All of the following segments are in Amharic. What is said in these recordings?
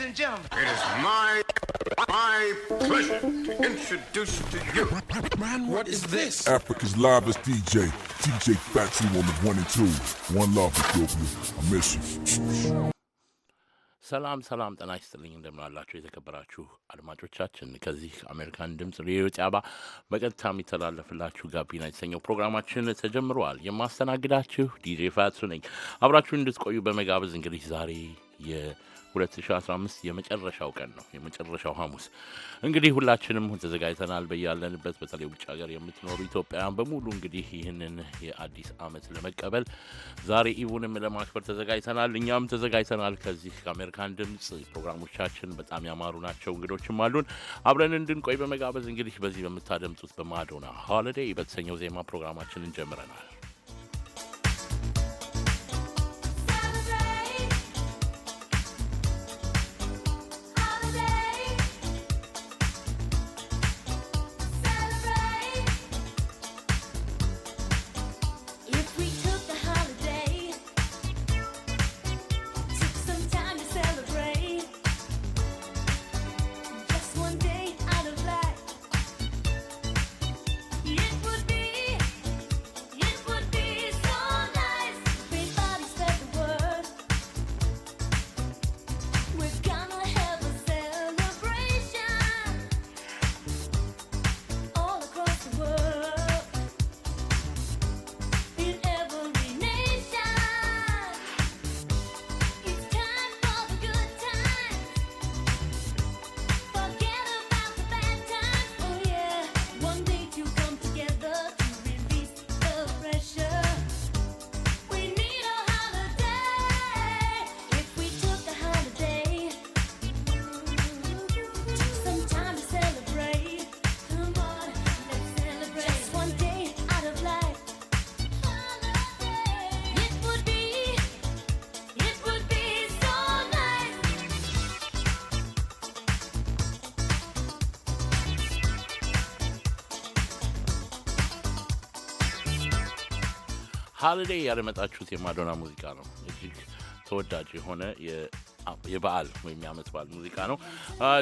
ladies and gentlemen. It is my my pleasure to introduce to you. Man, what is this? Africa's livest DJ, DJ Factory Woman 1 and 2. One love, Ethiopia. I miss you. ሰላም ሰላም፣ ጤና ይስጥልኝ። እንደምናላችሁ የተከበራችሁ አድማጮቻችን፣ ከዚህ አሜሪካን ድምፅ ሬዲዮ ጣቢያ በቀጥታ የሚተላለፍላችሁ ጋቢና የተሰኘው ፕሮግራማችን ተጀምረዋል። የማስተናግዳችሁ ዲጄ ፋቱ ነኝ። አብራችሁ እንድትቆዩ በመጋበዝ እንግዲህ ዛሬ 2015 የመጨረሻው ቀን ነው፣ የመጨረሻው ሐሙስ። እንግዲህ ሁላችንም ተዘጋጅተናል በያለንበት፣ በተለይ ውጭ ሀገር የምትኖሩ ኢትዮጵያውያን በሙሉ እንግዲህ ይህንን የአዲስ ዓመት ለመቀበል ዛሬ ኢቡንም ለማክበር ተዘጋጅተናል። እኛም ተዘጋጅተናል። ከዚህ ከአሜሪካን ድምፅ ፕሮግራሞቻችን በጣም ያማሩ ናቸው፣ እንግዶችም አሉን። አብረን እንድንቆይ በመጋበዝ እንግዲህ በዚህ በምታደምጡት በማዶና ሆሊዴይ በተሰኘው ዜማ ፕሮግራማችንን ጀምረናል። ሀልዴ ያደመጣችሁት የማዶና ሙዚቃ ነው። እጅግ ተወዳጅ የሆነ የበዓል ወይም የዓመት በዓል ሙዚቃ ነው።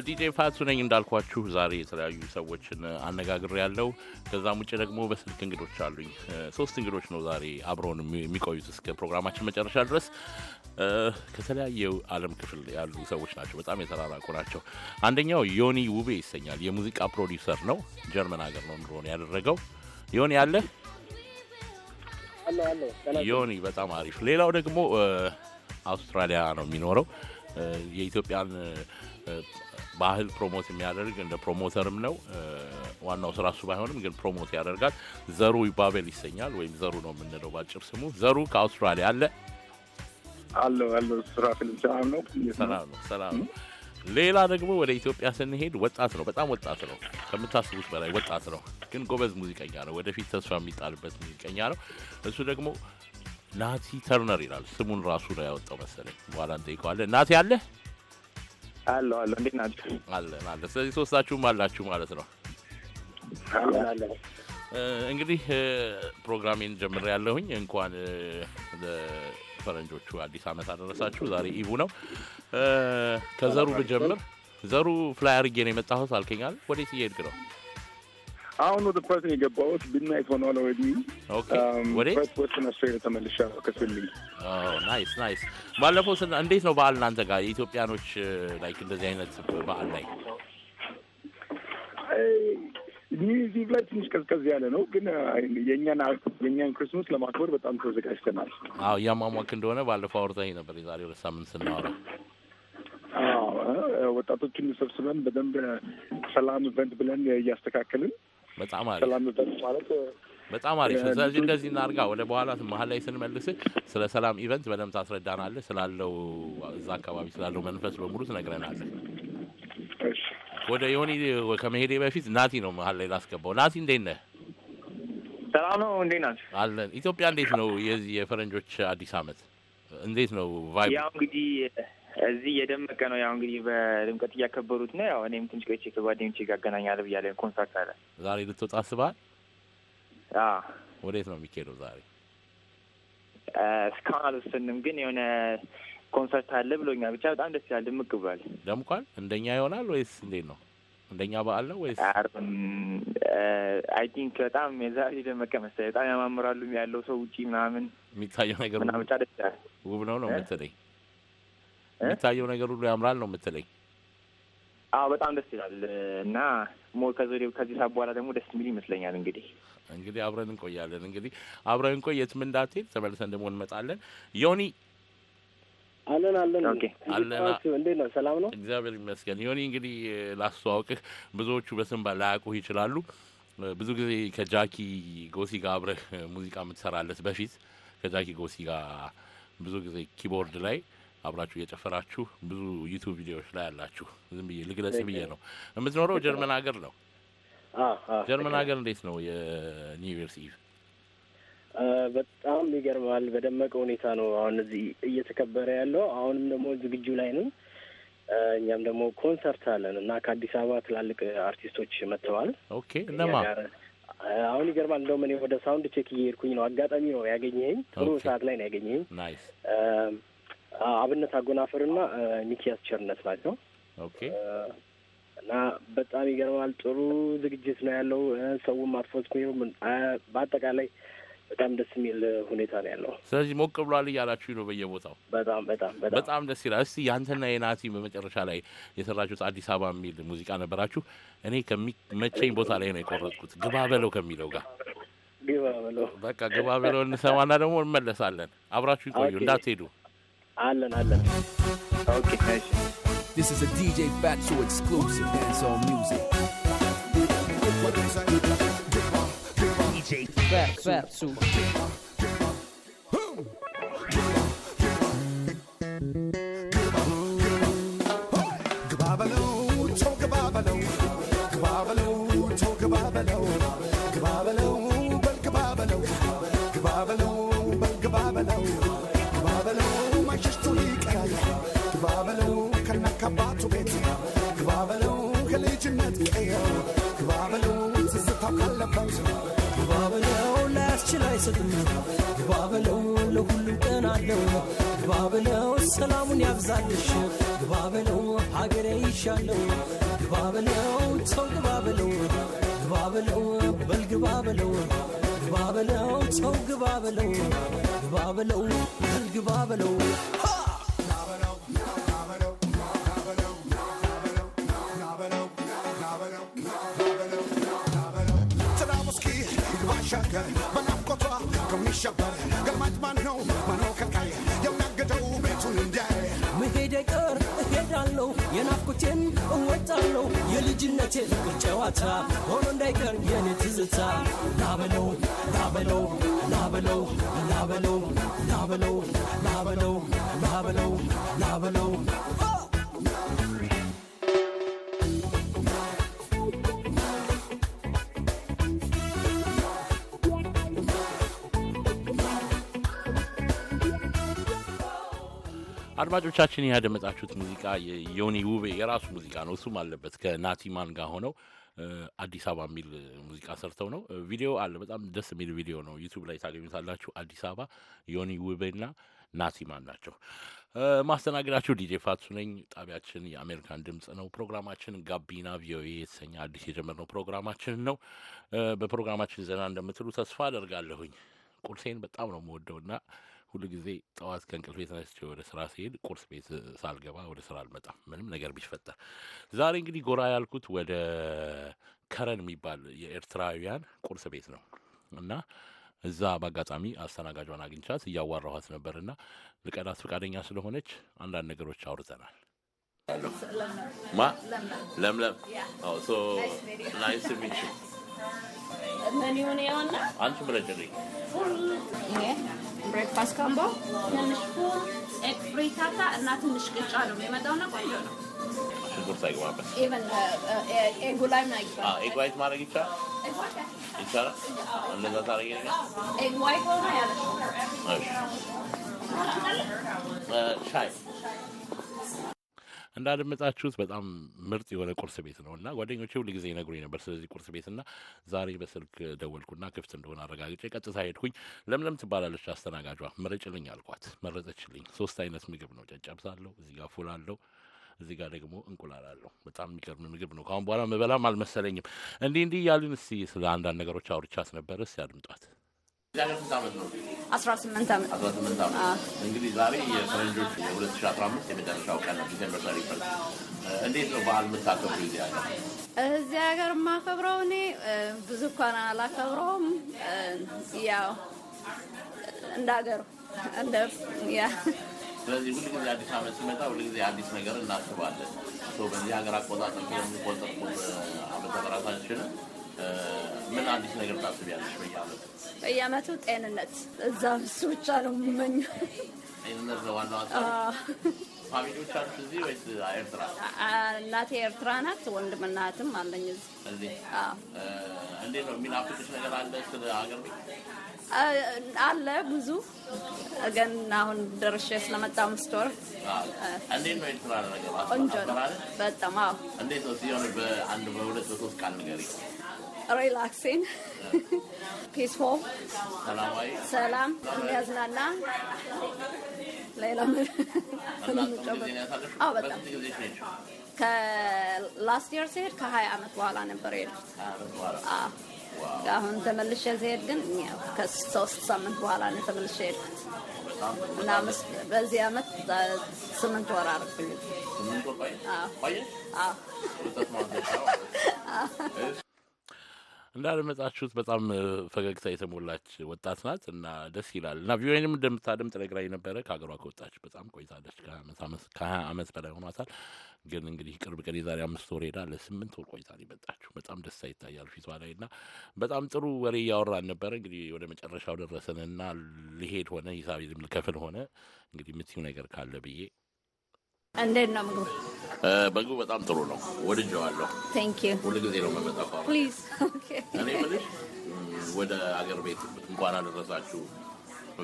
ዲጄ ፋቱ ነኝ እንዳልኳችሁ ዛሬ የተለያዩ ሰዎችን አነጋግር ያለው። ከዛም ውጭ ደግሞ በስልክ እንግዶች አሉኝ። ሶስት እንግዶች ነው ዛሬ አብረውን የሚቆዩት እስከ ፕሮግራማችን መጨረሻ ድረስ። ከተለያየ ዓለም ክፍል ያሉ ሰዎች ናቸው። በጣም የተራራቁ ናቸው። አንደኛው ዮኒ ውቤ ይሰኛል። የሙዚቃ ፕሮዲውሰር ነው። ጀርመን ሀገር ነው ኑሮን ያደረገው። ዮኒ አለ ዮኒ በጣም አሪፍ። ሌላው ደግሞ አውስትራሊያ ነው የሚኖረው የኢትዮጵያን ባህል ፕሮሞት የሚያደርግ እንደ ፕሮሞተርም ነው። ዋናው ስራ እሱ ባይሆንም ግን ፕሮሞት ያደርጋል። ዘሩ ይባበል ይሰኛል፣ ወይም ዘሩ ነው የምንለው ባጭር ስሙ። ዘሩ ከአውስትራሊያ አለ አለ አለ ስራ ነው። ሰላም ነው። ሌላ ደግሞ ወደ ኢትዮጵያ ስንሄድ ወጣት ነው፣ በጣም ወጣት ነው፣ ከምታስቡት በላይ ወጣት ነው። ግን ጎበዝ ሙዚቀኛ ነው፣ ወደፊት ተስፋ የሚጣልበት ሙዚቀኛ ነው። እሱ ደግሞ ናቲ ተርነር ይላል። ስሙን ራሱ ነው ያወጣው መሰለኝ፣ በኋላ እንጠይቀዋለን። ናቲ አለ አለ አለ፣ እንዴት አለን አለ። ስለዚህ ሶስታችሁም አላችሁ ማለት ነው። እንግዲህ ፕሮግራሜን ጀምሬ ያለሁኝ እንኳን ፈረንጆቹ አዲስ ዓመት አደረሳችሁ። ዛሬ ኢቡ ነው። ከዘሩ ብጀምር ዘሩ ፍላይ አድርጌ ነው የመጣሁት አልከኛል። ወዴት እየሄድክ ነው? አሁን ወደ ፐርት የገባሁት። ቢድናይት ሆኗል። ኦልሬዲ ፐርት ወስን አውስትራሊያ ተመልሻለሁ። ከስልኝ ናይስ ናይስ። ባለፈው እንዴት ነው በዓል እናንተ ጋር የኢትዮጵያኖች ላይክ እንደዚህ አይነት በዓል ላይ ኒውዚላንድ ላይ ትንሽ ቀዝቀዝ ያለ ነው፣ ግን የእኛን የእኛን ክርስትመስ ለማክበር በጣም ተዘጋጅተናል። አዎ እያሟሟክ እንደሆነ ባለፈው አውርተኸኝ ነበር። የዛሬ ሁለት ሳምንት ስናወራ ወጣቶችን ሰብስበን በደንብ ሰላም ኢቨንት ብለን እያስተካከልን በጣም አሪፍ ሰላም ኢቨንት ማለት በጣም አሪፍ። ስለዚህ እንደዚህ እናርጋ። ወደ በኋላ መሀል ላይ ስንመልስ ስለ ሰላም ኢቨንት በደንብ ታስረዳናለህ። ስላለው እዛ አካባቢ ስላለው መንፈስ በሙሉ ትነግረናለህ። ወደ ዮኒ ከመሄዴ በፊት ናቲ ነው መሀል ላይ ላስገባው። ናቲ እንዴት ነህ? ሰላም ነው። እንዴት ናቸው? አለን። ኢትዮጵያ እንዴት ነው የዚህ የፈረንጆች አዲስ አመት እንዴት ነው ቫይብ? ያው እንግዲህ እዚህ የደመቀ ነው። ያው እንግዲህ በድምቀት እያከበሩት ነው። ያው እኔም ትንሽ ቆይቼ ከጓደኞቼ ጋር አገናኛለሁ ብያለሁ። ኮንሰርት አለ ዛሬ። ልትወጣ አስበሃል? ወዴት ነው የሚካሄደው ዛሬ? እስካሁን አልወሰንም፣ ግን የሆነ ኮንሰርት አለ ብሎኛል። ብቻ በጣም ደስ ይላል፣ ድምቅ ብሏል። ደምቋል። እንደኛ ይሆናል ወይስ እንዴት ነው? እንደኛ በዓል ነው ወይስ? አይ ቲንክ በጣም የዛሬ ደመቀ መሰለኝ። በጣም ያማምራሉ ያለው ሰው ውጪ ምናምን የሚታየው ነገር ምናምን ብቻ ደስ ይላል። ውብ ነው ነው የምትለኝ? የሚታየው ነገር ሁሉ ያምራል ነው የምትለኝ? አዎ በጣም ደስ ይላል እና ሞር ከዚህ ሰዓት በኋላ ደግሞ ደስ የሚል ይመስለኛል። እንግዲህ እንግዲህ አብረን እንቆያለን። እንግዲህ አብረን እንቆይ። የትም እንዳትሄድ ተመልሰን ደግሞ እንመጣለን ዮኒ አለን አለን አለና፣ እንዴት ነው? ሰላም ነው፣ እግዚአብሔር ይመስገን። ዮኒ እንግዲህ ላስተዋውቅህ፣ ብዙዎቹ በስም ላያውቁህ ይችላሉ። ብዙ ጊዜ ከጃኪ ጎሲ ጋር አብረህ ሙዚቃ የምትሰራለት በፊት ከጃኪ ጎሲ ጋር ብዙ ጊዜ ኪቦርድ ላይ አብራችሁ እየጨፈራችሁ ብዙ ዩቱብ ቪዲዮዎች ላይ አላችሁ። ዝም ብዬ ልግለጽ ብዬ ነው። የምትኖረው ጀርመን ሀገር ነው። ጀርመን ሀገር እንዴት ነው የኒው ኢቭ በጣም ይገርማል። በደመቀ ሁኔታ ነው አሁን እዚህ እየተከበረ ያለው። አሁንም ደግሞ ዝግጁ ላይ ነው። እኛም ደግሞ ኮንሰርት አለን እና ከአዲስ አበባ ትላልቅ አርቲስቶች መጥተዋል። ኦኬ እነማ አሁን ይገርማል። እንደውም እኔ ወደ ሳውንድ ቼክ እየሄድኩኝ ነው። አጋጣሚ ነው ያገኘኝ። ጥሩ ሰዓት ላይ ነው ያገኘኝ። አብነት አጎናፈርና ሚኪያስ ቸርነት ናቸው። ኦኬ እና በጣም ይገርማል። ጥሩ ዝግጅት ነው ያለው። ሰውም አትፎስፌሩም በአጠቃላይ በጣም ደስ የሚል ሁኔታ ነው ያለው። ስለዚህ ሞቅ ብሏል እያላችሁ ነው በየቦታው። በጣም በጣም በጣም ደስ ይላል። እስቲ ያንተና የናቲ በመጨረሻ ላይ የሰራችሁት አዲስ አበባ የሚል ሙዚቃ ነበራችሁ። እኔ ከሚመቸኝ ቦታ ላይ ነው የቆረጥኩት፣ ግባ በለው ከሚለው ጋር ግባ በለው። በቃ ግባ በለው እንሰማና ደግሞ እንመለሳለን። አብራችሁ ይቆዩ እንዳትሄዱ። አለን አለን። This is a DJ Fatso exclusive dancehall music. Pepsi. Pepsi. Pepsi. አይሰጥም። ግባ በለው ለሁሉም ቀን አለው። ግባ በለው ሰላሙን ያብዛልሽ። ግባ በለው ሀገሬ ይሻለው። ግባ በለው ሰው ግባ በለው ግባ በለው በል ግባ በለው ግባ በለው ሰው ግባ በለው ግባ በለው በል ግባ በለው ማነው ማነው ከልካይ የሚያገደው ቤቱን እንዲያይ መሄደ ቀር እሄዳለሁ የናፍቆቴን እወጣለሁ የልጅነቴ ፍቅር ጨዋታ ሆኖ እንዳይቀር የኔ ትዝታ ላበለው ላበለው ላበለው ላበለው ላበለው ላበለው ላበለው ላበለው አድማጮቻችን ይህ ያደመጣችሁት ሙዚቃ የዮኒ ውቤ የራሱ ሙዚቃ ነው። እሱም አለበት ከናቲማን ጋር ሆነው አዲስ አበባ የሚል ሙዚቃ ሰርተው ነው። ቪዲዮ አለ፣ በጣም ደስ የሚል ቪዲዮ ነው። ዩቱብ ላይ ታገኙታላችሁ። አዲስ አበባ ዮኒ ውቤና ናቲማን ናቸው። ማስተናገዳችሁ ዲጄ ፋቱ ነኝ። ጣቢያችን የአሜሪካን ድምፅ ነው። ፕሮግራማችን ጋቢና ቪኦኤ የተሰኘ አዲስ የጀመርነው ፕሮግራማችን ነው። በፕሮግራማችን ዘና እንደምትሉ ተስፋ አደርጋለሁኝ። ቁርሴን በጣም ነው የምወደውና ሁሉ ጊዜ ጠዋት ከእንቅልፍ ተነስቼ ወደ ስራ ሲሄድ ቁርስ ቤት ሳልገባ ወደ ስራ አልመጣም፣ ምንም ነገር ቢፈጠር። ዛሬ እንግዲህ ጎራ ያልኩት ወደ ከረን የሚባል የኤርትራውያን ቁርስ ቤት ነው እና እዛ በአጋጣሚ አስተናጋጇን አግኝቻት እያዋራኋት ነበር እና ልቀናት ፈቃደኛ ስለሆነች አንዳንድ ነገሮች አውርተናል። ማ ለምለም ናይስ አንቺ ምረጭልኝ ብሬክፋስት ካምቦ ትንሽ ፉል ኤግ ፍሪታታ እና ትንሽ ቅጫ ነው የሚመጣውና ቆንጆ ነው። ሽንኩርት አይገባበት። ኤጉ ላይ ምን አይገባበት? ኤግ ዋይት ማድረግ ይቻላል ይቻላል። እንደዛ ታደርጊ ነገር ኤግ ዋይት ሆኖ ያለ ሻይ እንዳደመጣችሁት በጣም ምርጥ የሆነ ቁርስ ቤት ነው እና ጓደኞቼ ሁሉ ጊዜ ይነግሩኝ ነበር ስለዚህ ቁርስ ቤት እና ዛሬ በስልክ ደወልኩና ክፍት እንደሆነ አረጋግጬ ቀጥታ ሄድኩኝ። ለምለም ትባላለች አስተናጋጇ። ምረጭልኝ አልኳት፣ መረጠችልኝ። ሶስት አይነት ምግብ ነው ጨጨብሳ አለው፣ እዚህ ጋር ፉል አለው እዚህ ጋር ደግሞ እንቁላል አለው። በጣም የሚገርም ምግብ ነው። ከአሁን በኋላ መበላም አልመሰለኝም። እንዲህ እንዲህ እያሉን እስኪ ስለ አንዳንድ ነገሮች አውርቻት ነበር። እስኪ አድምጧት። ያለፉት ዓመት ነው 18 እንግዲህ ዛሬ የፈረንጆች የ2015 የመጨረሻው ቀን ዲሴምበር እንዴት ነው በዓል የምታከብሩ? እዚህ ሀገር እዚህ ሀገር የማከብረው እኔ ብዙ እንኳን አላከብረውም። ያው እንደ ሀገሩ እንደ ያ ስለዚህ ሁል ጊዜ አዲስ ዓመት ሲመጣ ሁል ጊዜ አዲስ ነገር እናስባለን። በዚህ ሀገር አቆጣጠር የሚቆጠርቁት አመተ ምሕረታችንን ምን አዲስ ነገር ታስቢያለሽ? በየአመቱ በየአመቱ ጤንነት፣ እዛ እሱ ብቻ ነው የምመኘው። ጤንነት ነው ዋናው። ፋሚሊዎቻችሁ እዚህ ወይስ ኤርትራ? እናቴ ኤርትራ ናት፣ ወንድም እህትም አለኝ እዚህ። እንዴት ነው የሚናፍቅሽ ነገር አለ? ስለ ሀገር ቤት አለ ብዙ አሁን ደርሼ ስለመጣ አምስት ወር። እንዴት ነው ኤርትራ ቆንጆ ነው በጣም። አዎ። እንዴት ነው ሲሆን በአንድ በሁለት በሶስት ቃል ንገሪኝ። ሪላክሲን ፒስፎል ሰላም የሚያዝናና ሌላ በጣም ከላስት የር ሲሄድ ከሀያ አመት በኋላ ነበር የሄድኩት። አሁን ተመልሼ ሲሄድ ግን ከሶስት ሳምንት በኋላ ነው ተመልሼ የሄድኩት እና በዚህ አመት ስምንት ወር አረፍኩኝ። እንዳደመጣችሁት በጣም ፈገግታ የተሞላች ወጣት ናት እና ደስ ይላል። እና ቪኦኤንም እንደምታደምጥ ነግራኝ ነበረ። ከሀገሯ ከወጣች በጣም ቆይታለች። ከሀያ ዓመት በላይ ሆኗታል። ግን እንግዲህ ቅርብ ቀን የዛሬ አምስት ወር ሄዳ ለስምንት ወር ቆይታ የመጣችሁ በጣም ደስታ ይታያል ፊቷ ላይ እና በጣም ጥሩ ወሬ እያወራን ነበረ። እንግዲህ ወደ መጨረሻው ደረሰን ደረሰንና ልሄድ ሆነ ሂሳብ ልከፍል ሆነ እንግዲህ የምትዩ ነገር ካለ ብዬ እንዴት ነው ምግቡ? ምግቡ በጣም ጥሩ ነው፣ ወድጀዋለሁ። ሁሉ ጊዜ ነው መመጣፋ እኔ የምልሽ ወደ አገር ቤት እንኳን አደረሳችሁ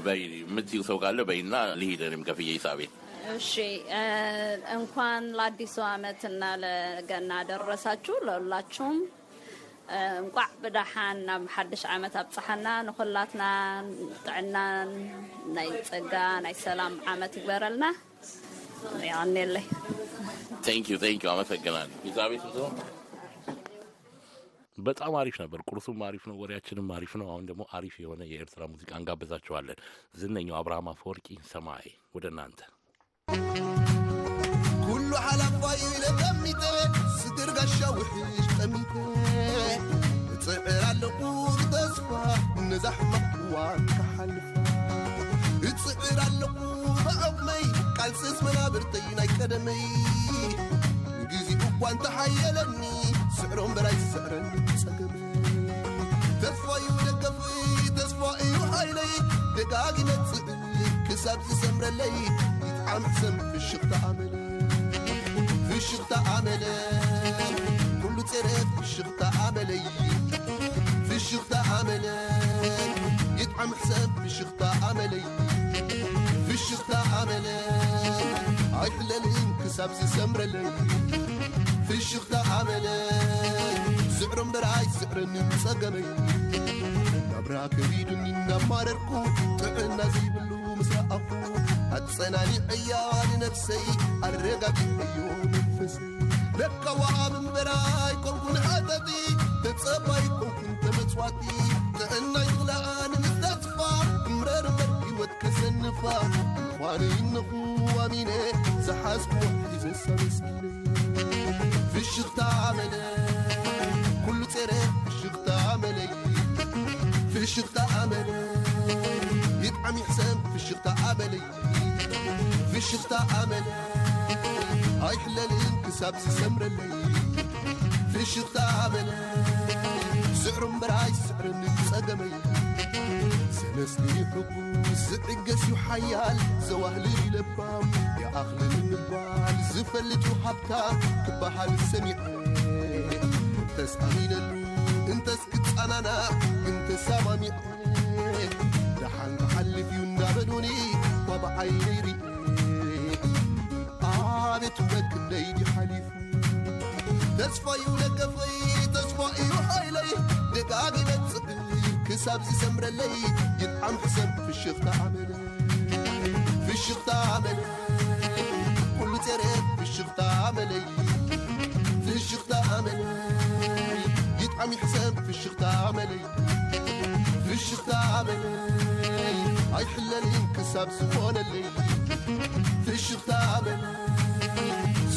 በይ የምትይው ሰው ካለ በይና ልሂድ፣ እኔም ከፍዬ ሂሳቤ። እሺ እንኳን ለአዲሱ እና ለገና አደረሳችሁ ለሁላችሁም። እንቋዕ ብዳሓን ናብ ሓድሽ ዓመት ኣብፅሓና ንኩላትና ጥዕናን ናይ ፀጋ ናይ ሰላም ዓመት ይግበረልና። ያኔ ላይ ቴንክ ዩ ቴንክ ዩ አመሰግናለሁ። ኢዛቤት ነው በጣም አሪፍ ነበር። ቁርሱም አሪፍ ነው፣ ወሬያችንም አሪፍ ነው። አሁን ደግሞ አሪፍ የሆነ የኤርትራ ሙዚቃ እንጋብዛችኋለን። ዝነኛው አብርሃም አፈወርቂ ሰማይ ወደ እናንተ ኩሉ ሓላፋዩ ኢለ ስድር ጋሻ ውሕሽ ቀሚጠ እፅዕር ተስፋ ብተስፋ ነዛሕማዋን ክሓልፍ ፅዕር ኣለዎ ብኣቕመይ ቃልስስ መናብርተይ ናይ ቀደመይ ንግዚኡ እኳ እንተሓየለኒ ስዕሮ እምበር ኣይስዕረኒ ፀገመ ተስፋዩ ደገፍይ ተስፋ እዩ ሃይለይ ደጋግ ይመፅእ ክሳብ ዝሰምረለይ ይጥዓም ሰም ፍሽኽታ ኣመለ ፍሽኽታ ኣመለ ኩሉ ፅሬት ፍሽኽታ ኣመለይ ፍሽኽታ ኣመለ يطعم حساب بشخطة عملي الشغدة عقለልእን ክሳብ ዝሰምረለይ ፍሽኽታ ዓመለ ዝዕሮ እምበርኣይ ዝዕረኒ ጸገመይ ናብራ ከቢዱኒ እናማረርኩ ጥዕና ዘይብሉ ምስኣኹ ኣጸናኒዐያዋን ነፍሰይ ኣረጋጊዐዮ መንፈሰይ ደቀዋሃብ እምበራይ ኮንኩን ኣጠጢ ተጸባይ ኮንኩን ተመጽዋቲ ጥዕና ይኽለኣን ምታትፋ እምረርመድ ሕይወት ከሰንፋ وعلينا قوة منين سحاسكو وحدي تنسى مسكينة في الشغ تعملي كل تري في الشغ تعملي في الشغ تعملي يدعم حسام في الشغ تعملي في الشغ تعملي هاي حلالين كساب سمر الليل في الشغ تعملي سعر مبرايس سعر نتسقمي ነስሊ ሕጉስ ዝዕገዝ ዩ ሓያል ዘዋህልል ይለባም የኣኽልል ንባል ዝፈልጥ ዩ ሃብታም ክበሃል ሰሚዐ እንተስኣሚነሉ እንተስክፃናና እንተሰማሚዐ ደሓን ክሓልፍ እዩ እናበዶኒ ዋብዓይነ ይርአ ኣቤት በክንደይ ዲሓሊፉ ተስፋ እዩ ለከፈይ ተስፋ እዩ ሃይለይ ደጋግ ይመፅእ كساب زي سمر اللي يطعم حسب في الشيخ تعمل في الشيخ تعمل كل تريد في الشيخ تعمل في الشيخ تعمل يطعم حسب في الشيخ تعمل في الشيخ تعمل هاي حلالي كساب زبون اللي في الشيخ تعمل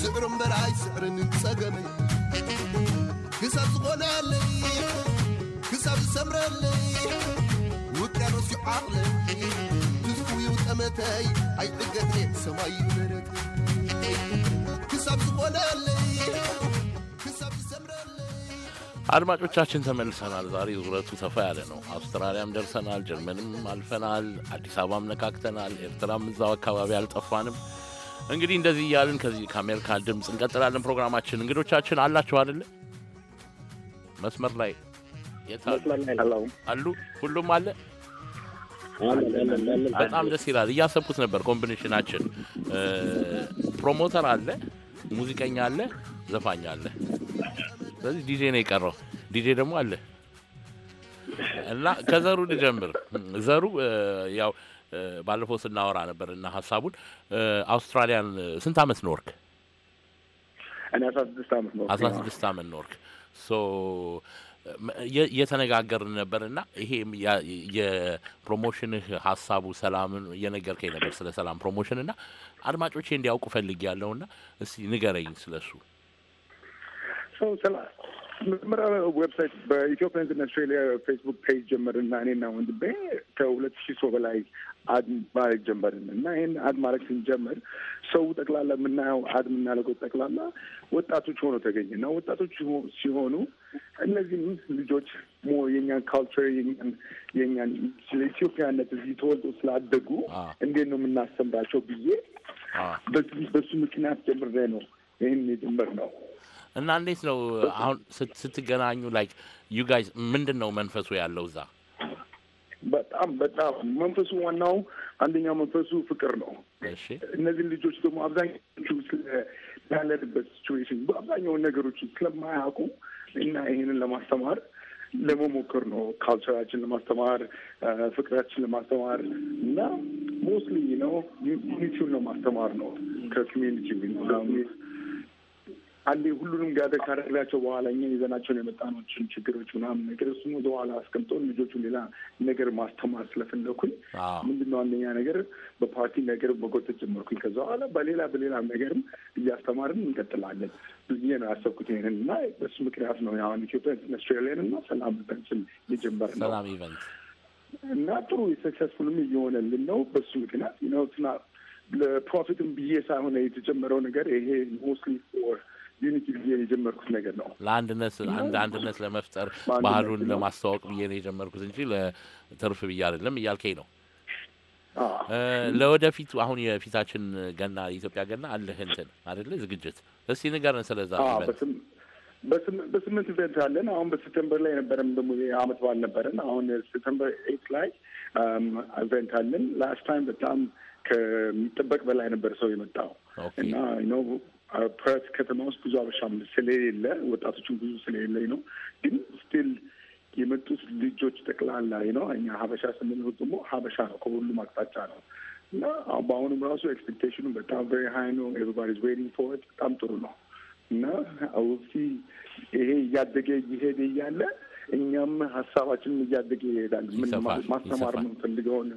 سعر مبرعي سعر نتسقمي كساب زبون اللي ጠመተይ ኣይጥገትየ ሰማይ መረት ክሳብ ዝኾነለይ አድማጮቻችን ተመልሰናል። ዛሬ ዙረቱ ሰፋ ያለ ነው። አውስትራሊያም ደርሰናል፣ ጀርመንም አልፈናል፣ አዲስ አበባም ነካክተናል፣ ኤርትራም እዛው አካባቢ አልጠፋንም። እንግዲህ እንደዚህ እያልን ከዚህ ከአሜሪካ ድምፅ እንቀጥላለን። ፕሮግራማችን እንግዶቻችን አላችሁ አይደለ መስመር ላይ አሉ አሉ? ሁሉም አለ። በጣም ደስ ይላል። እያሰብኩት ነበር ኮምቢኔሽናችን። ፕሮሞተር አለ፣ ሙዚቀኛ አለ፣ ዘፋኝ አለ። ስለዚህ ዲጄ ነው የቀረው። ዲጄ ደግሞ አለ እና ከዘሩ ልጀምር። ዘሩ ያው ባለፈው ስናወራ ነበር እና ሀሳቡን አውስትራሊያን ስንት አመት ኖርክ? እኔ አስራ ስድስት አመት ኖርክ። አስራ ስድስት አመት ኖርክ ሶ እየተነጋገርን ነበር እና ይሄ የፕሮሞሽንህ ሀሳቡ ሰላምን እየነገርከኝ ነበር ስለ ሰላም ፕሮሞሽን እና አድማጮቼ እንዲያውቁ ፈልግ ያለው እና እስቲ ንገረኝ ስለ እሱ። መጀመሪያ ዌብሳይት በኢትዮጵያንስ ኢን አውስትራሊያ ፌስቡክ ፔጅ ጀመርና እኔና ወንድሜ ከሁለት ሺህ ሰው በላይ አድ ማድረግ ጀመርን እና ይህን አድ ማድረግ ስንጀምር ሰው ጠቅላላ የምናየው አድ የምናደርገው ጠቅላላ ወጣቶች ሆኖ ተገኘ እና ወጣቶች ሲሆኑ እነዚህም ልጆች የኛን ካልቸር የኛን ስለ ኢትዮጵያነት እዚህ ተወልዶ ስላደጉ እንዴት ነው የምናስተምራቸው ብዬ በሱ ምክንያት ጀምሬ ነው ይህን የጀመር ነው። እና እንዴት ነው አሁን ስትገናኙ ላይክ ዩ ጋይዝ ምንድን ነው መንፈሱ ያለው እዛ? በጣም በጣም መንፈሱ ዋናው አንደኛው መንፈሱ ፍቅር ነው። እነዚህ ልጆች ደግሞ አብዛኛዎቹ ያለንበት ሲቹዌሽን በአብዛኛውን ነገሮች ስለማያውቁ እና ይህንን ለማስተማር ለመሞከር ነው። ካልቸራችን ለማስተማር ፍቅራችን ለማስተማር እና ሞስሊ ነው ዩቲዩብ ለማስተማር ነው ከኮሚኒቲ አንዴ ሁሉንም ጋደር ካደረግላቸው በኋላ እኛ ይዘናቸውን የመጣኖችን ችግሮች ምናምን ነገር እሱ ወደ ኋላ አስቀምጦን ልጆቹን ሌላ ነገር ማስተማር ስለፈለኩኝ ምንድነው አንደኛ ነገር በፓርቲ ነገር መጎተት ጀመርኩኝ። ከዛ በኋላ በሌላ በሌላ ነገርም እያስተማርን እንቀጥላለን። ብዬ ነው ያሰብኩት ይሄንን እና በሱ ምክንያት ነው አሁን ኢትዮጵያ ኦስትራሊያን እና ሰላም ኢቨንትን የጀመርነው። ሰላም ኢቨንት እና ጥሩ የሰክሰስፉልም እየሆነልን ነው በሱ ምክንያት ነው ትና ለፕሮፊትም ብዬ ሳይሆን የተጀመረው ነገር ይሄ ሞስሊ ፎር ዩኒቲ ብዬ የጀመርኩት ነገር ነው። ለአንድነት አንድ አንድነት ለመፍጠር ባህሉን ለማስተዋወቅ ብዬ ነው የጀመርኩት እንጂ ለትርፍ ብዬ አይደለም እያልከኝ ነው። ለወደፊቱ አሁን የፊታችን ገና የኢትዮጵያ ገና አለህ እንትን አይደለ ዝግጅት እስቲ ንገረን ስለዛ። በስምንት ኢቨንት አለን። አሁን በሴፕተምበር ላይ የነበረን ደግሞ አመት በዓል ነበረን። አሁን ሴፕተምበር ኤት ላይ ኢቨንት አለን። ላስት ታይም በጣም ከሚጠበቅ በላይ ነበር ሰው የመጣው እና ነው ፐርት ከተማ ውስጥ ብዙ አበሻም ስለሌለ ወጣቶችም ብዙ ስለሌለ ነው። ግን ስቲል የመጡት ልጆች ጠቅላላ ነው። እኛ ሀበሻ ስንል ደግሞ ሀበሻ ነው፣ ከሁሉም አቅጣጫ ነው። እና በአሁኑም ራሱ ኤክስፔክቴሽኑ በጣም ቨሪ ሀይ ነው። ኤቨሪባዲስ ዌይቲንግ ፎር በጣም ጥሩ ነው እና ውሲ ይሄ እያደገ እየሄደ እያለ እኛም ሀሳባችንን እያደገ ይሄዳል። ምን ማስተማር የምንፈልገውን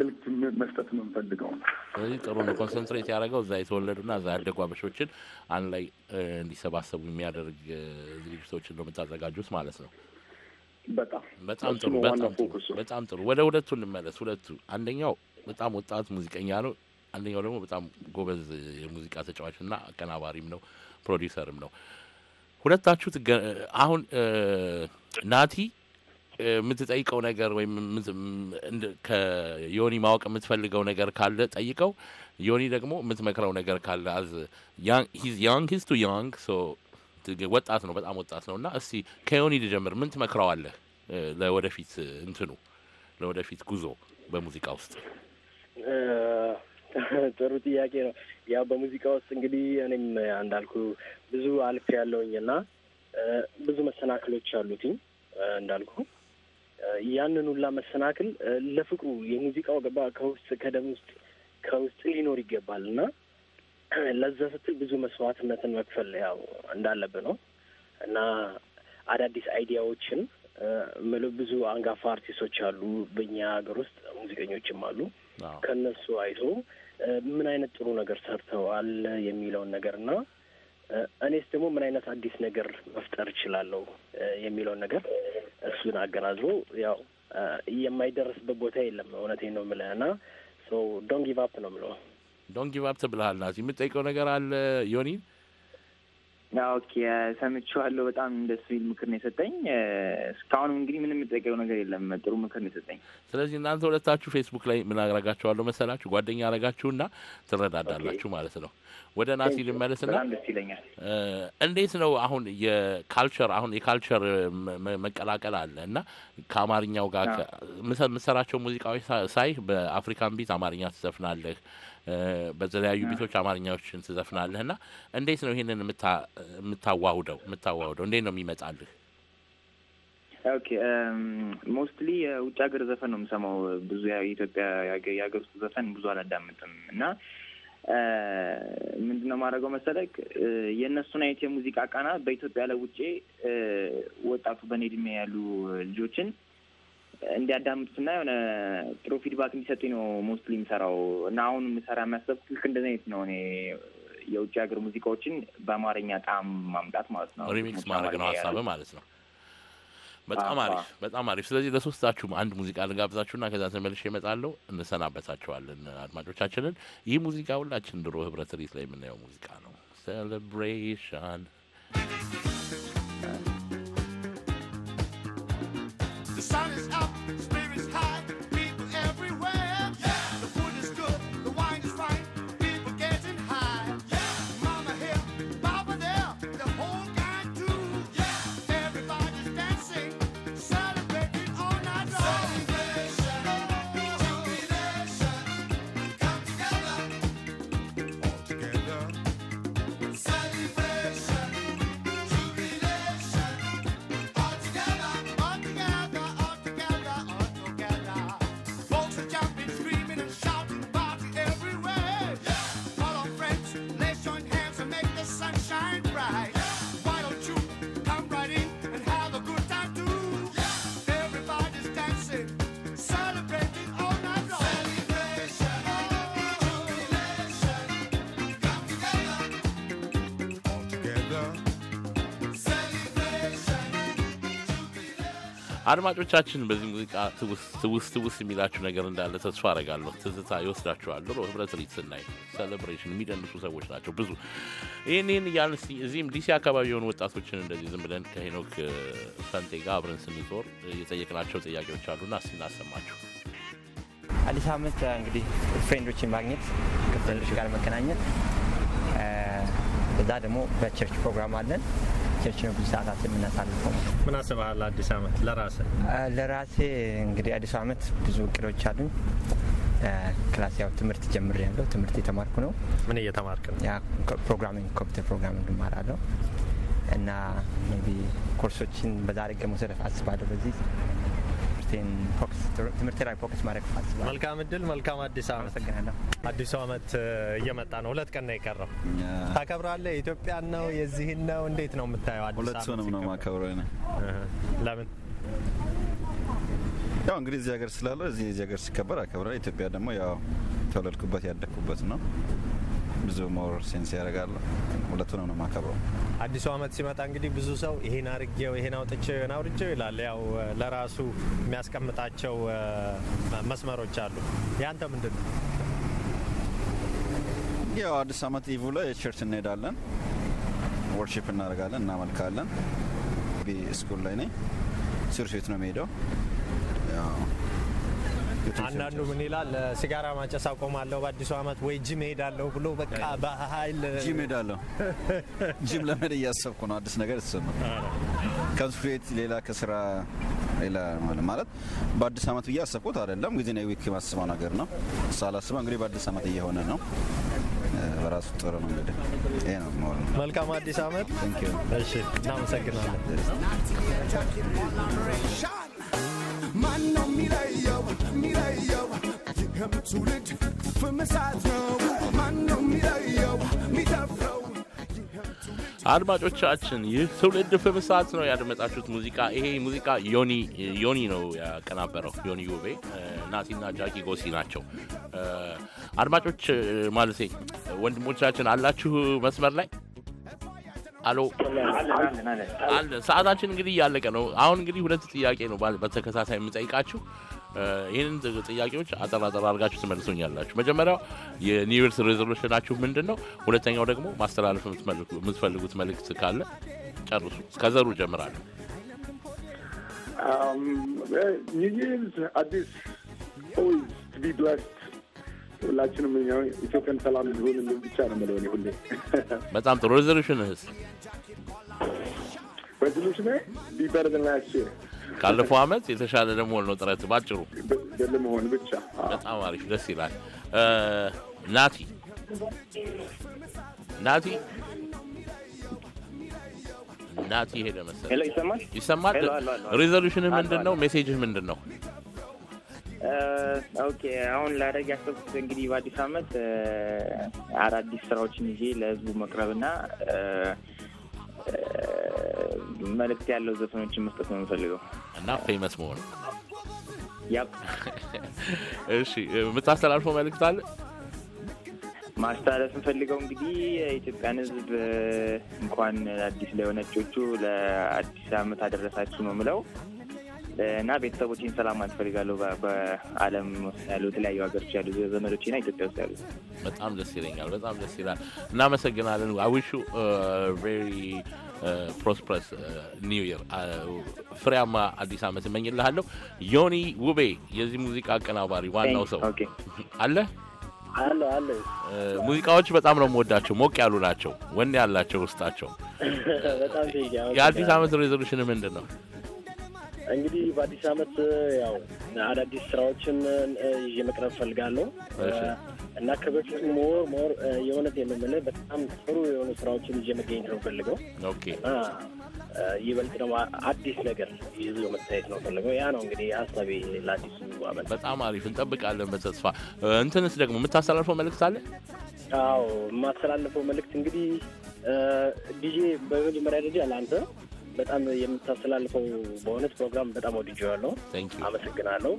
ምልክት መስጠት የምንፈልገውን ስለዚህ ጥሩ ነው። ኮንሰንትሬት ያደረገው እዛ የተወለዱና እዛ ያደጉ አበሾችን አንድ ላይ እንዲሰባሰቡ የሚያደርግ ዝግጅቶችን ነው የምታዘጋጁት ማለት ነው። በጣም በጣም ጥሩ፣ በጣም ጥሩ። ወደ ሁለቱ እንመለስ። ሁለቱ አንደኛው በጣም ወጣት ሙዚቀኛ ነው። አንደኛው ደግሞ በጣም ጎበዝ የሙዚቃ ተጫዋች አቀናባሪም ነው፣ ፕሮዲሰርም ነው። ሁለታችሁ አሁን ናቲ የምትጠይቀው ነገር ወይም ከዮኒ ማወቅ የምትፈልገው ነገር ካለ ጠይቀው፣ ዮኒ ደግሞ የምትመክረው ነገር ካለ አዝ ያንግ ሂዝ ቱ ያንግ ወጣት ነው፣ በጣም ወጣት ነው እና እስቲ ከዮኒ ልጀምር። ምን ትመክረዋለህ ለወደፊት እንትኑ ለወደፊት ጉዞ በሙዚቃ ውስጥ? ጥሩ ጥያቄ ነው። ያው በሙዚቃ ውስጥ እንግዲህ እኔም እንዳልኩ ብዙ አልፍ ያለውኝ እና ብዙ መሰናክሎች አሉትኝ እንዳልኩ ያንን ሁላ መሰናክል ለፍቅሩ የሙዚቃው ገባ ከውስጥ ከደም ውስጥ ከውስጥ ሊኖር ይገባል እና ለዛ ስትል ብዙ መስዋዕትነትን መክፈል ያው እንዳለብ ነው እና አዳዲስ አይዲያዎችን ምል ብዙ አንጋፋ አርቲስቶች አሉ፣ በእኛ ሀገር ውስጥ ሙዚቀኞችም አሉ። ከእነሱ አይቶ ምን አይነት ጥሩ ነገር ሰርተዋል የሚለውን ነገር እና እኔስ ደግሞ ምን አይነት አዲስ ነገር መፍጠር እችላለሁ የሚለውን ነገር እሱን አገናዝቦ ያው የማይደረስበት ቦታ የለም። እውነቴን ነው የምልህ እና ሶ ጊቭ አፕ ነው የምለው። ዶንት ጊቭ አፕ ናት። የምጠይቀው ነገር አለ ዮኒን ኦኬ ሰምቼዋለሁ። በጣም ደስ የሚል ምክር ነው የሰጠኝ። እስካሁንም እንግዲህ ምንም የምጠቀው ነገር የለም። ጥሩ ምክር ነው የሰጠኝ። ስለዚህ እናንተ ሁለታችሁ ፌስቡክ ላይ ምን አረጋችኋለሁ መሰላችሁ? ጓደኛ አረጋችሁና ትረዳዳላችሁ ማለት ነው። ወደ ናሲ ናቲ ልመለስና ደስ ይለኛል። እንዴት ነው አሁን የካልቸር አሁን የካልቸር መቀላቀል አለ እና ከአማርኛው ጋር የምትሰራቸው ሙዚቃዎች ሳይ በአፍሪካን ቢት አማርኛ ትዘፍናለህ በተለያዩ ቤቶች አማርኛዎችን ትዘፍናለህ እና እንዴት ነው ይህንን የምታዋውደው የምታዋውደው እንዴት ነው የሚመጣልህ? ኦኬ ሞስትሊ የውጭ ሀገር ዘፈን ነው የምሰማው። ብዙ የኢትዮጵያ የሀገር ውስጥ ዘፈን ብዙ አላዳምጥም እና ምንድነው ነው የማደርገው መሰለክ የእነሱን አይነት የሙዚቃ ቃና በኢትዮጵያ ለውጬ ወጣቱ በኔ እድሜ ያሉ ልጆችን እንዲያዳምጡትና የሆነ ጥሩ ፊድባክ እንዲሰጡኝ ነው ሞስትሊ የምሰራው እና አሁን የምሰራ የሚያስበብኩት ልክ እንደዚህ አይነት ነው እኔ የውጭ ሀገር ሙዚቃዎችን በአማርኛ ጣም ማምጣት ማለት ነው። ሪሚክስ ማድረግ ነው ሀሳብ ማለት ነው። በጣም አሪፍ በጣም አሪፍ። ስለዚህ ለሶስታችሁም አንድ ሙዚቃ ልጋብዛችሁና ከዛ ተመልሼ እመጣለሁ። እንሰናበታችኋለን አድማጮቻችንን። ይህ ሙዚቃ ሁላችን ድሮ ህብረት ሪት ላይ የምናየው ሙዚቃ ነው። ሴሌብሬሽን sun is up. አድማጮቻችን በዚህ ሙዚቃ ትውስ ትውስ የሚላችሁ ነገር እንዳለ ተስፋ አረጋለሁ። ትዝታ ይወስዳችኋል። ድሮ ህብረት ሪት ስናይ ሴሌብሬሽን የሚደንሱ ሰዎች ናቸው ብዙ። ይህንን እያልን እዚህም ዲሲ አካባቢ የሆኑ ወጣቶችን እንደዚህ ዝም ብለን ከሄኖክ ፈንቴ ጋር አብረን ስንዞር የጠየቅናቸው ጥያቄዎች አሉና እስኪ እናሰማችሁ። አዲስ ዓመት እንግዲህ ፍሬንዶችን ማግኘት ከፍሬንዶች ጋር መገናኘት፣ እዛ ደግሞ በቸርች ፕሮግራም አለን ልጆቻችን ብዙ ሰዓታት የምናሳልፈው። ምን አስበሃል አዲስ አመት ለራስ? ለራሴ እንግዲህ አዲሱ አመት ብዙ እቅዶች አሉኝ። ክላስ ያው ትምህርት ጀምር ያለው ትምህርት የተማርኩ ነው። ምን እየተማርክ ነው? ፕሮግራሚንግ ኮምፒውተር ፕሮግራሚንግ እማራለሁ እና ቢ ኮርሶችን በዛሬ ገመውሰድ አስባለሁ በዚህ ትምህርቴን ትምህርቴ ላይ ፎክስ ማድረግ ፋስባል። መልካም እድል፣ መልካም አዲስ አመት። አመሰግናለሁ። አዲሱ አመት እየመጣ ነው። ሁለት ቀን ነው የቀረው። ታከብራለህ? የኢትዮጵያን ነው የዚህን ነው እንዴት ነው የምታየው? አዲስ አመት ሁለቱንም ነው ነው ለምን ያው እንግዲህ እዚህ ሀገር ስላለው እዚህ እዚህ ሀገር ሲከበር አከብራለሁ። ኢትዮጵያ ደግሞ ያው ተወለድኩበት ያደግኩበት ነው ብዙ ሞር ሴንስ ያደርጋል። ሁለቱንም ነው የማከብረው። አዲሱ አመት ሲመጣ እንግዲህ ብዙ ሰው ይሄን አርጌው ይሄን አውጥቼው ይሄን አውርቼው ይላል። ያው ለራሱ የሚያስቀምጣቸው መስመሮች አሉ። ያንተ ምንድን ነው? ያው አዲስ አመት ኢቭ ላይ ቸርች እንሄዳለን፣ ወርሺፕ እናደርጋለን፣ እናመልካለን። ስኩል ላይ ነኝ፣ ሱር ነው የሚሄደው አንዳንዱ ምን ይላል? ሲጋራ ማጨስ አቆማለሁ በአዲሱ አመት ወይ ጅም ሄዳለሁ ብሎ በቃ በሀይል ጅም ሄዳለሁ። ጅም ለመሄድ እያሰብኩ ነው። አዲስ ነገር የተሰማ ከትምህርት ሌላ ከስራ ሌላ ማለት በአዲስ አመት ብዬ አሰብኩት አይደለም፣ ጊዜ ነው ዊክ ማስበው ነገር ነው። ሳላስበው እንግዲህ በአዲስ አመት እየሆነ ነው። በራሱ ጥሩ ነው። እንግዲህ ይሄ ነው ሞር መልካም አዲስ አመት ዩ እሺ፣ እናመሰግናለን። ማን ነው የሚለየው? የሚለየው ይህም ትውልድ ፍምሳት ነው። ማን ነው የሚለየው አድማጮቻችን ይህ ትውልድ ፍምሳት ነው ያደመጣችሁት ሙዚቃ። ይሄ ሙዚቃ ዮኒ ነው ያቀናበረው። ዮኒ ውቤ፣ ናሲና ጃኪ ጎሲ ናቸው። አድማጮች ማለት ወንድሞቻችን አላችሁ መስመር ላይ አሎ አለ። ሰዓታችን እንግዲህ እያለቀ ነው። አሁን እንግዲህ ሁለት ጥያቄ ነው በተከታታይ የምንጠይቃችሁ ይህንን ጥያቄዎች አጠር አጠር አድርጋችሁ ትመልሱኛላችሁ። መጀመሪያው የኒው ይርስ ሬዞሉሽናችሁ ምንድን ነው? ሁለተኛው ደግሞ ማስተላለፍ የምትፈልጉት መልእክት ካለ ጨርሱ። ከዘሩ ጀምራለሁ። ኒው ይርስ አዲስ ሁላችንም ኢትዮጵያን ሰላም ሊሆን ብቻ ነው ሁሌ በጣም ጥሩ ሬዞሉሽንህስ? ሬዞሉሽን ካለፈው ዓመት የተሻለ ለመሆን ነው ጥረት ባጭሩ ለመሆን ብቻ። በጣም አሪፍ ደስ ይላል። ናቲ ናቲ ናቲ ሄደ መሰለኝ። ይሰማል። ሪዞሉሽንህ ምንድን ነው? ሜሴጅህ ምንድን ነው? ኦኬ አሁን ላደርግ ያሰብኩት እንግዲህ በአዲስ አመት አዳዲስ ስራዎችን ይዤ ለህዝቡ መቅረብና መልእክት ያለው ዘፈኖችን መስጠት ነው የምፈልገው እና ፌመስ መሆን እሺ፣ የምታስተላልፈው መልእክት አለ? ማስተላለፍ የምፈልገው እንግዲህ የኢትዮጵያን ህዝብ እንኳን አዲስ ለሆነቾቹ ለአዲስ ዓመት አደረሳችሁ ነው ምለው። እና ቤተሰቦችን ሰላም ማለት እፈልጋለሁ። በዓለም ውስጥ ያሉ የተለያዩ ሀገሮች ያሉ ዘመዶችና ኢትዮጵያ ውስጥ ያሉ በጣም ደስ ይለኛል። በጣም ደስ ይላል። እናመሰግናለን። አዊሹ ቬሪ ፕሮስፐረስ ኒው ይር ፍሬያማ አዲስ ዓመት እመኝልሃለሁ። ዮኒ ውቤ የዚህ ሙዚቃ አቀናባሪ ዋናው ሰው አለ አለ አለ። ሙዚቃዎች በጣም ነው የምወዳቸው። ሞቅ ያሉ ናቸው፣ ወኔ ያላቸው ውስጣቸው። የአዲስ ዓመት ሬዞሉሽን ምንድን ነው? እንግዲህ በአዲስ አመት ያው አዳዲስ ስራዎችን ይዤ መቅረብ ፈልጋለሁ እና ከበፊት ሞር ሞር የእውነት የምምል በጣም ጥሩ የሆኑ ስራዎችን ይዤ መገኘት ነው ፈልገው ይበልጥ ደግሞ አዲስ ነገር ይዞ መታየት ነው ፈልገው። ያ ነው እንግዲህ ሀሳቤ ለአዲሱ አመት። በጣም አሪፍ እንጠብቃለን በተስፋ እንትንስ ደግሞ የምታስተላልፈው መልእክት አለ? አዎ የማስተላልፈው መልእክት እንግዲህ ዲጄ በመጀመሪያ ደረጃ ለአንተ በጣም የምታስተላልፈው በእውነት ፕሮግራም በጣም ወድጀዋለሁ። አመሰግናለሁ።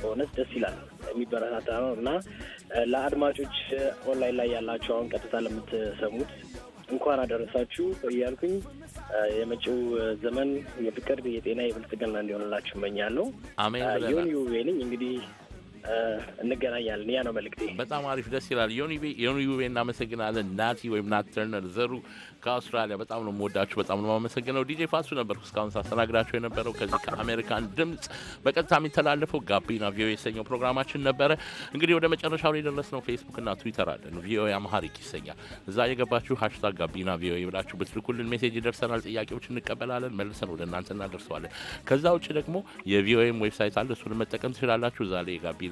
በእውነት ደስ ይላል፣ የሚበረታታ ነው እና ለአድማጮች ኦንላይን ላይ ያላቸው አሁን ቀጥታ ለምትሰሙት እንኳን አደረሳችሁ እያልኩኝ የመጪው ዘመን የፍቅር፣ የጤና፣ የብልጽግና እንዲሆንላችሁ እመኛለሁ። አሜን። ዮኒ ውቤ ነኝ እንግዲህ እንገናኛለን። ያ ነው መልክቴ። በጣም አሪፍ ደስ ይላል። ዮኒቤ ውቤ እናመሰግናለን። ናቲ ወይም ናት ተርነር ዘሩ ከአውስትራሊያ በጣም ነው የምወዳችሁ፣ በጣም ነው የማመሰግነው። ዲጄ ፋሱ ነበር እስካሁን ሳስተናግዳችሁ የነበረው ከዚህ ከአሜሪካን ድምፅ በቀጥታ የሚተላለፈው ጋቢና ቪኦኤ የሰኘው ፕሮግራማችን ነበረ። እንግዲህ ወደ መጨረሻው ላይ ደረስነው። ፌስቡክ እና ትዊተር አለን፣ ቪኦኤ አምሃሪክ ይሰኛል። እዛ የገባችሁ ሃሽታግ ጋቢና ቪኦኤ ብላችሁ ብትልኩልን ሜሴጅ ይደርሰናል። ጥያቄዎች እንቀበላለን፣ መልሰን ወደ እናንተ እናደርሰዋለን። ከዛ ውጭ ደግሞ የቪኦኤም ዌብሳይት አለ፣ እሱን መጠቀም ትችላላችሁ። እዛ ላይ ጋቢና